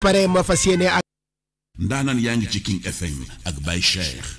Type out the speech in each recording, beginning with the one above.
pare ma fas yéene ak. ndaanan yaa ngi ci King FM ak Baye Cheikh.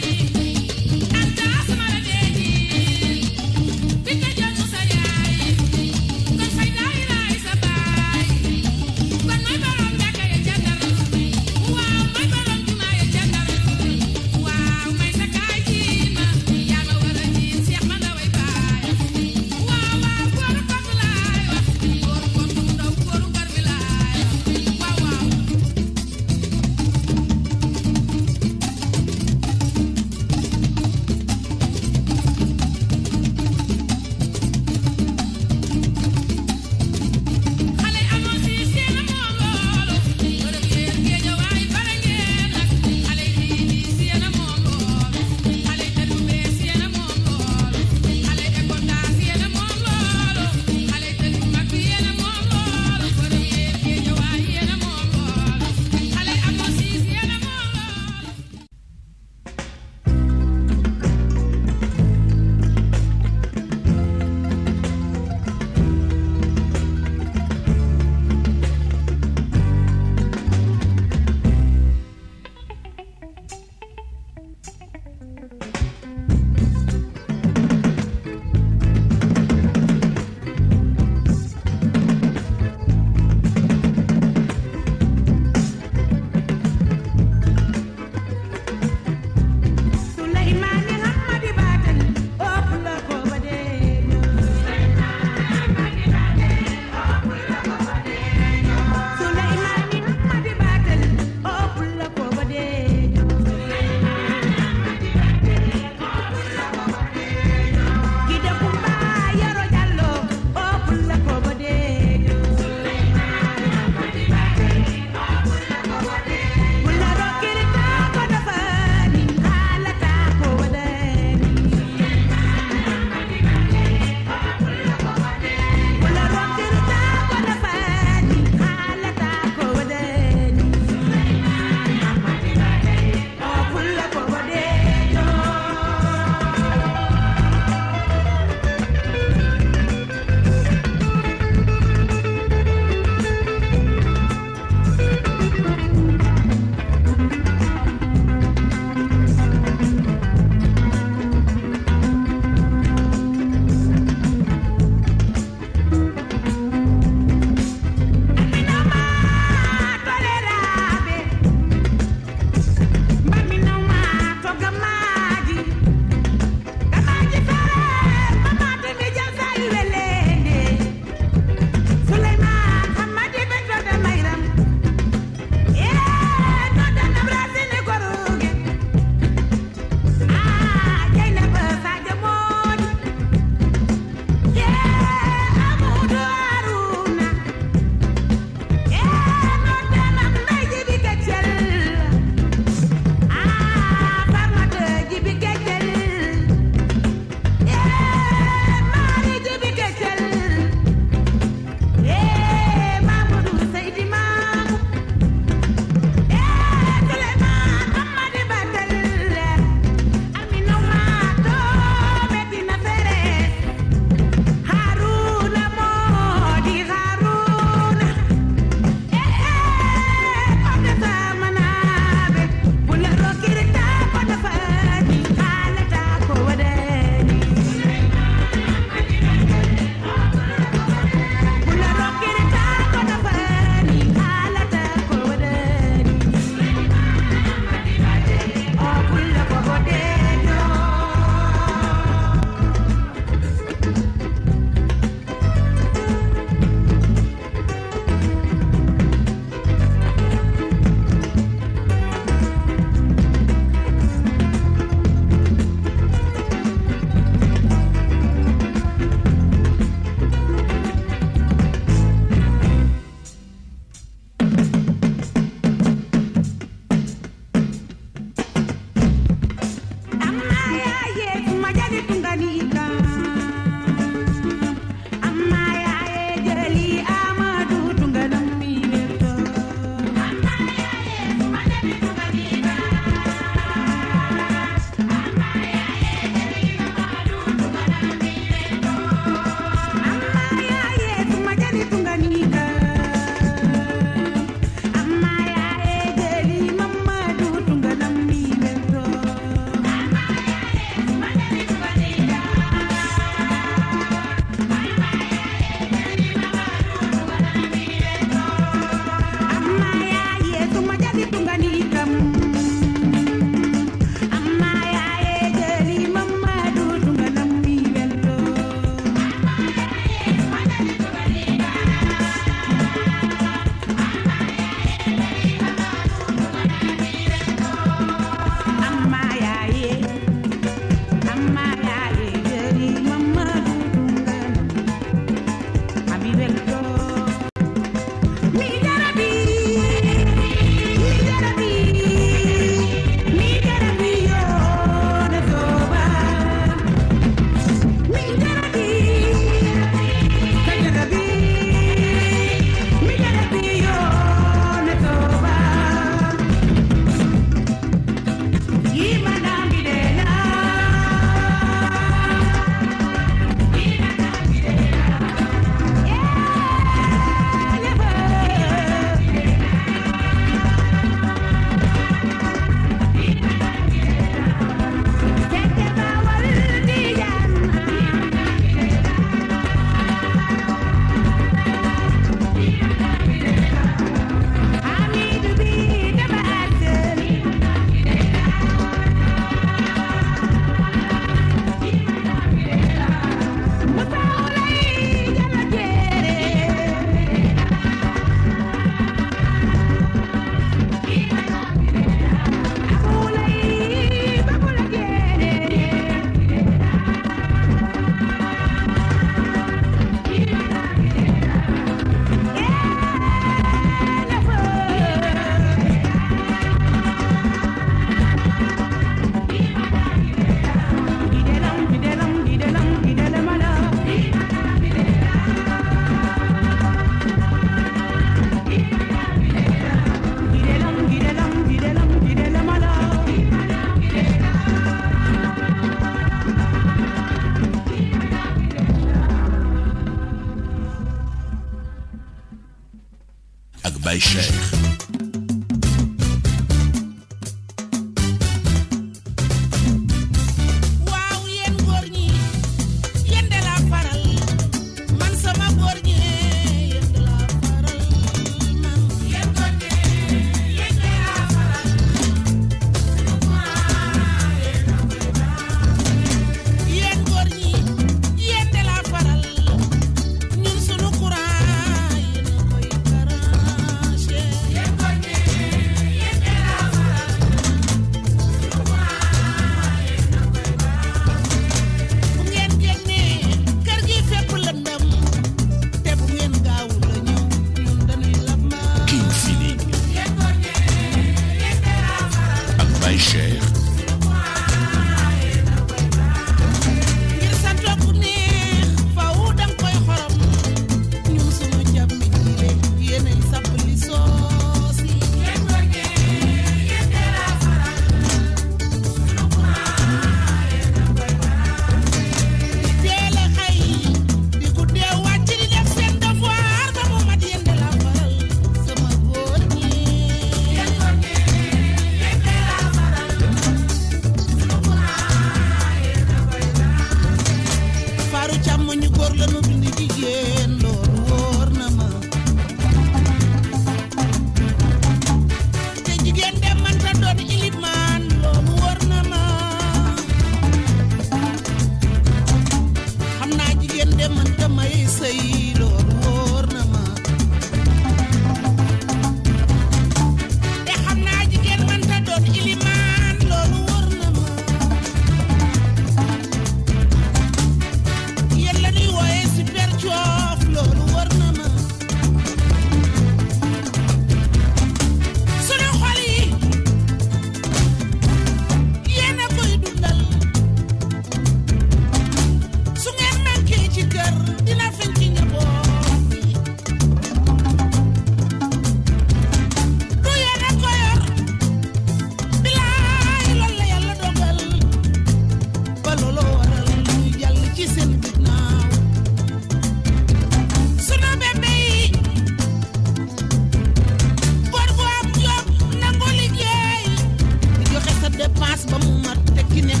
dépasse ba mu mat te ki neex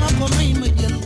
ma ko may ma jël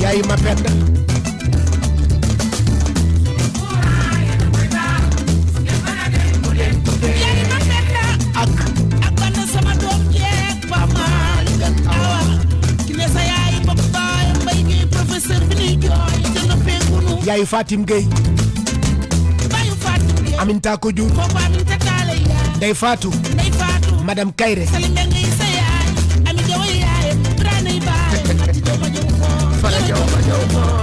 yaay ma pet ak ak ban sama doom jeeg ba maal awa ki ne sa yaay ba baay mbay gi bi ni jooy te noppee gunu yaay Fatim Gueye aminta taako jur day faatu madame kayre fala jawa, jawa, jawa.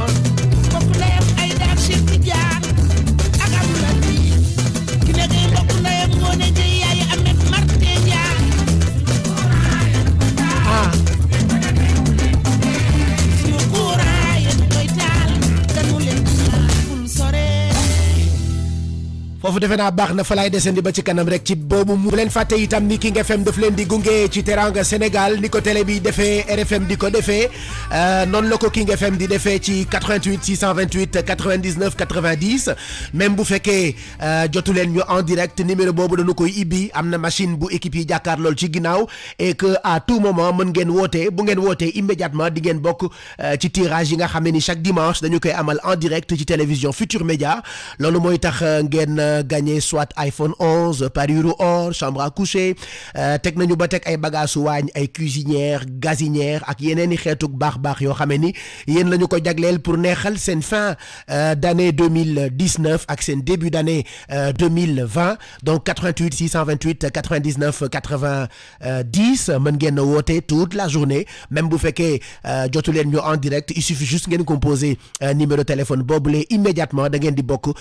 foofu defe naa baax na fa laay desandi ba ci kanam rek ci boobu mu leen fàtte itam ni King FM daf leen di gunge ci teranga Sénégal ni ko télé bi defee RFM di ko defee euh, noonu la ko King FM di defee ci 88 628 99 90 même bu fekkee euh, jotu ñu en direct numéro boobu dañu koy Ibi, am machine bu équipe yi jàkkaar lool ci ginnaaw et que à tout moment mën ngeen woote bu ngeen immédiatement di ngeen bokk euh, ci tirage yi nga ni chaque dimanche dañu koy amal en direct ci télévision Futur Média loolu mooy tax ngeen gagner soit iPhone 11 euro or chambre à coucher euh, technologie nañu ba tek ay bagages ay cuisinière gazinière ak yeneen i bax bax yo xamé ni yéen la ko pour neexal sen fin euh, d'année 2019 ak sen début d'année 2020 euh, donc 88 628 99 90 mën ngeen toute la journée même bu féké jotou len ñu en direct il suffit juste ngeen composer numéro de téléphone boblé immédiatement da ngeen di bokk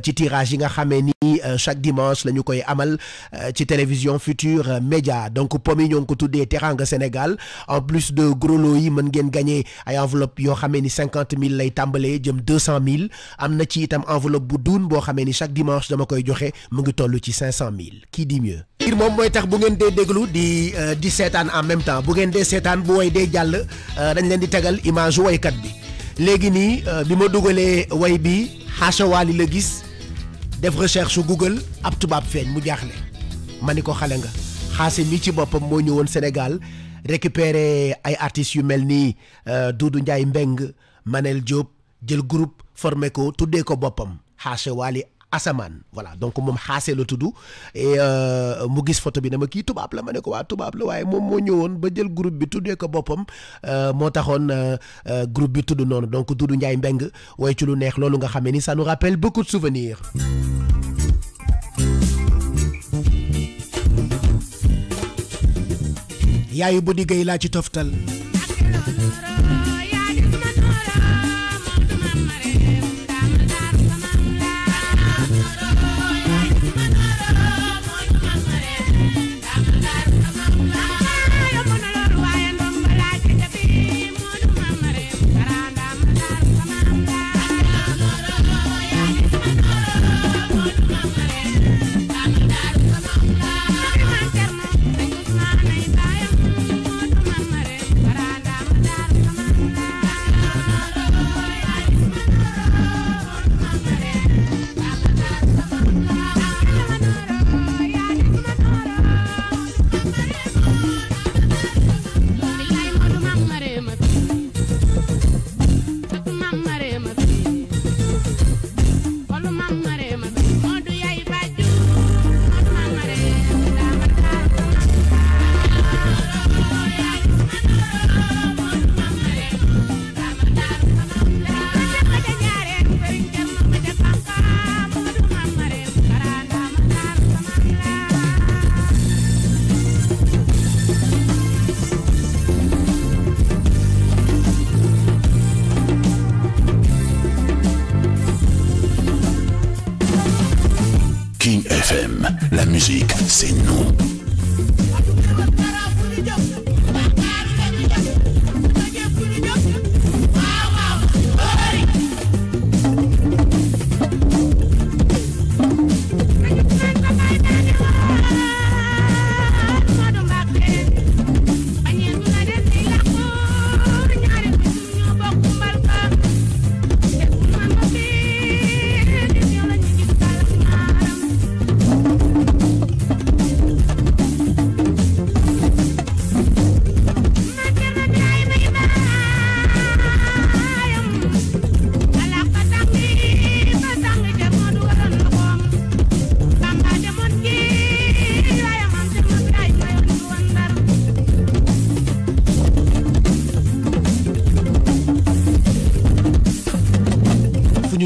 ci tirage yi nga xamé ni euh, chaque dimanche lañu koy amal euh, ci télévision future média donc pomi ñong ko tuddé teranga sénégal en plus de gros lots yi mën gagné gagner ay enveloppe yo xamé ni 50000 lay tambalé jëm 200000 amna ci itam enveloppe bu doun bo xamé ni chaque dimanche dama koy joxé mu ngi tollu ci 500000 Qui dit mieux ir mom moy tax bu ngeen dé déglu di 17 euh, ans en même temps bu ngeen dé 7 ans bu way dé jall dañ leen di tégal image way kat bi légui ni bima duggalé way bi hacha wali le giss def recherche su Google ab tubaab feeñ mu jaaxle ma ni ko xale nga xaasi mi ci boppam moo ñëwoon Sénégal récupérer ay artistes yu mel ni euh, Doudou Ndiaye Mbeng Manel Diop jël groupe formé ko tuddee ko boppam xaase waali asamaan voilà donc moom le tout doux et euh, mu gis photo bi ne ma kii la mané ne ko waa tubaab la waye, moom moo ñëwoon ba jël groupe bi tuddee ko boppam euh, moo taxoon euh, groupe bi tudd non. donc Doudou Ndiaye Mbengue way ci lu neex loolu nga ni ça nous rappelle beaucoup de souvenirs. yaayu bu diggéey laa ci toftal.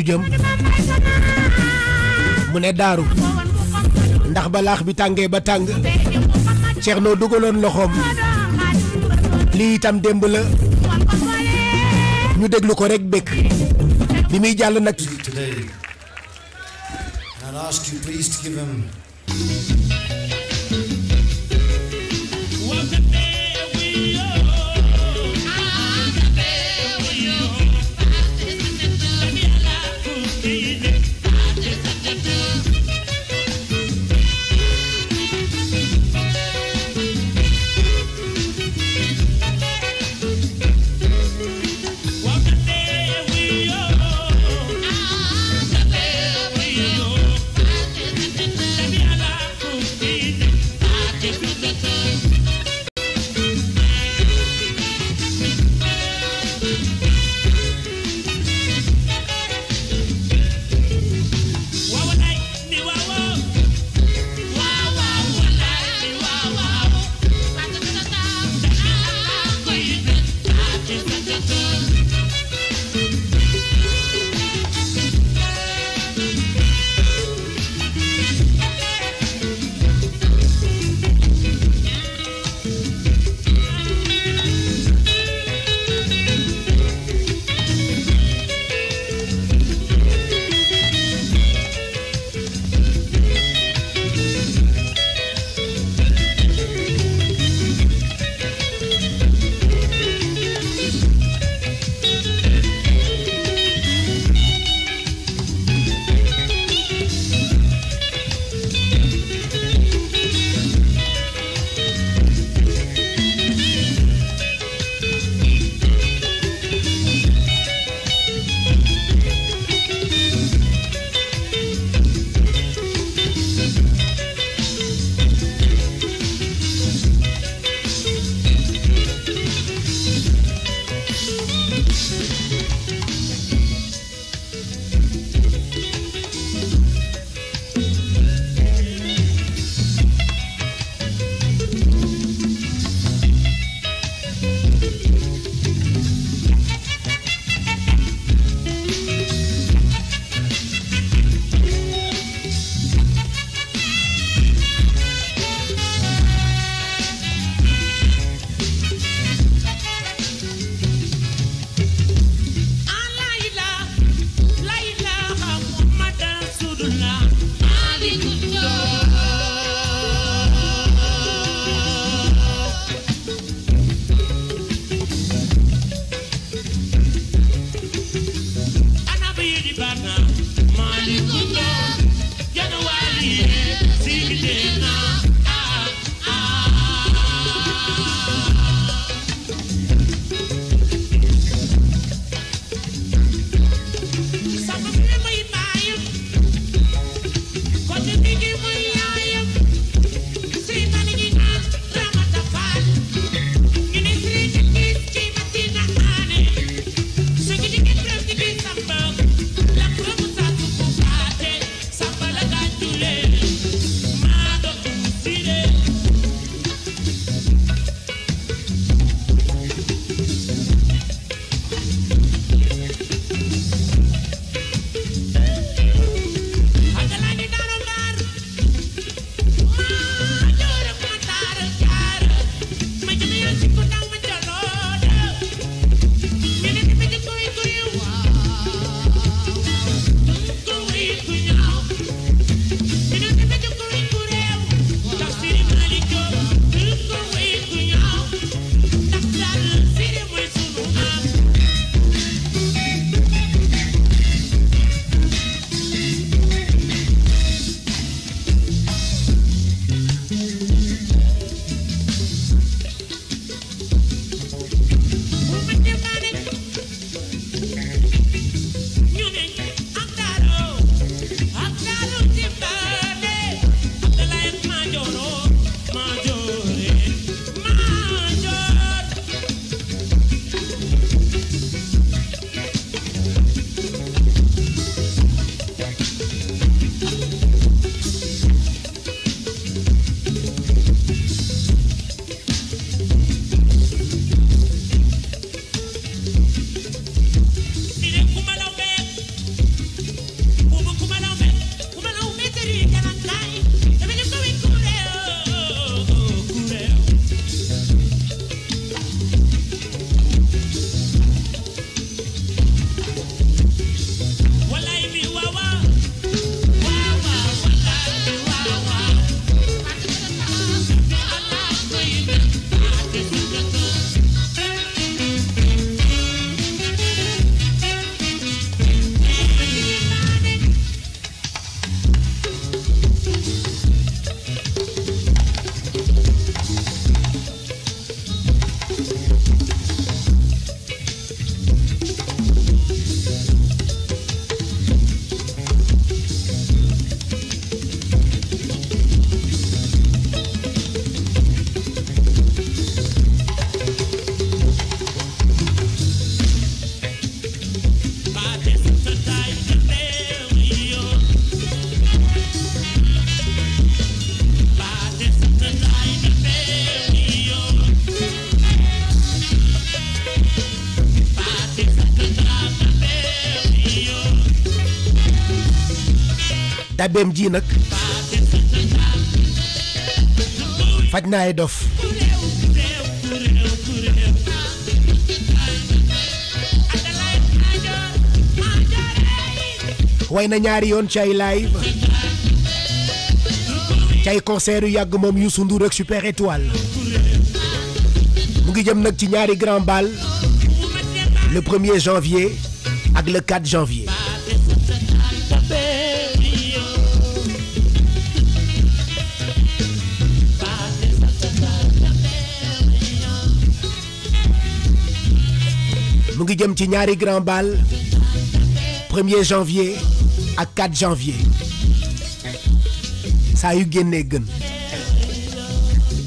jëm mu ne daaru ndax balaax bi tàngee ba tàng dugaloon loxoom lii itam démb la ñu déglu ko rek bi muy jàll nag. jaabeem ji nak faj na ay dof way na ñaari yoon ci ay live ci ay concert yu yàgg moom Ndour ak Super Étoile mu ngi jëm nag ci ñaari grand bal le 1er janvier ak le 4 janvier Nous avons grand bal 1er janvier à 4 janvier Ça yu génnee gën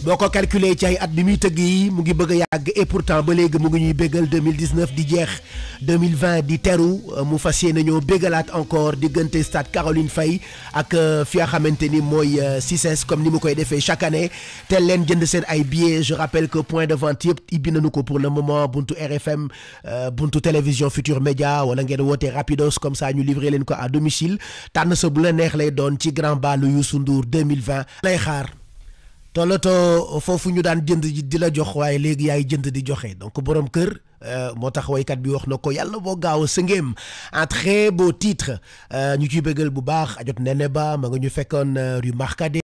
boko ko calculé ci ay at bi mi tëgg yi mu ngi bëgg a et pourtant ba léegi mu ngi ñuy bégal 2019 di jeex 2020 di teru mu fas yéene bégalat encore diggante stade Caroline Faye ak euh, fi nga xamante ni mooy euh, CICES comme ni mu koy défé chaque année tel leen jënd seen ay billets je rappelle que point de vente yëpp ibbi nañu ko pour le moment buntu RFM euh, buntu télévision Futur Média wala ngeen woté rapidos comme ça ñu livrer leen ko à domicile tànn sa bu la neex lay doon ci grand bal Youssou Ndour 2020 lay xaar. Toloto fofu ñu daan jënd di la jox waaye léegi yaay jënd di joxe donc borom kër euh, moo tax waykat bi wax na ko yàlla boo gaaw a sëngeem un très beau titre euh, ñu ciy bëggal bu baax ajot nene ba ma nga ñu fekkoon euh, rue marcade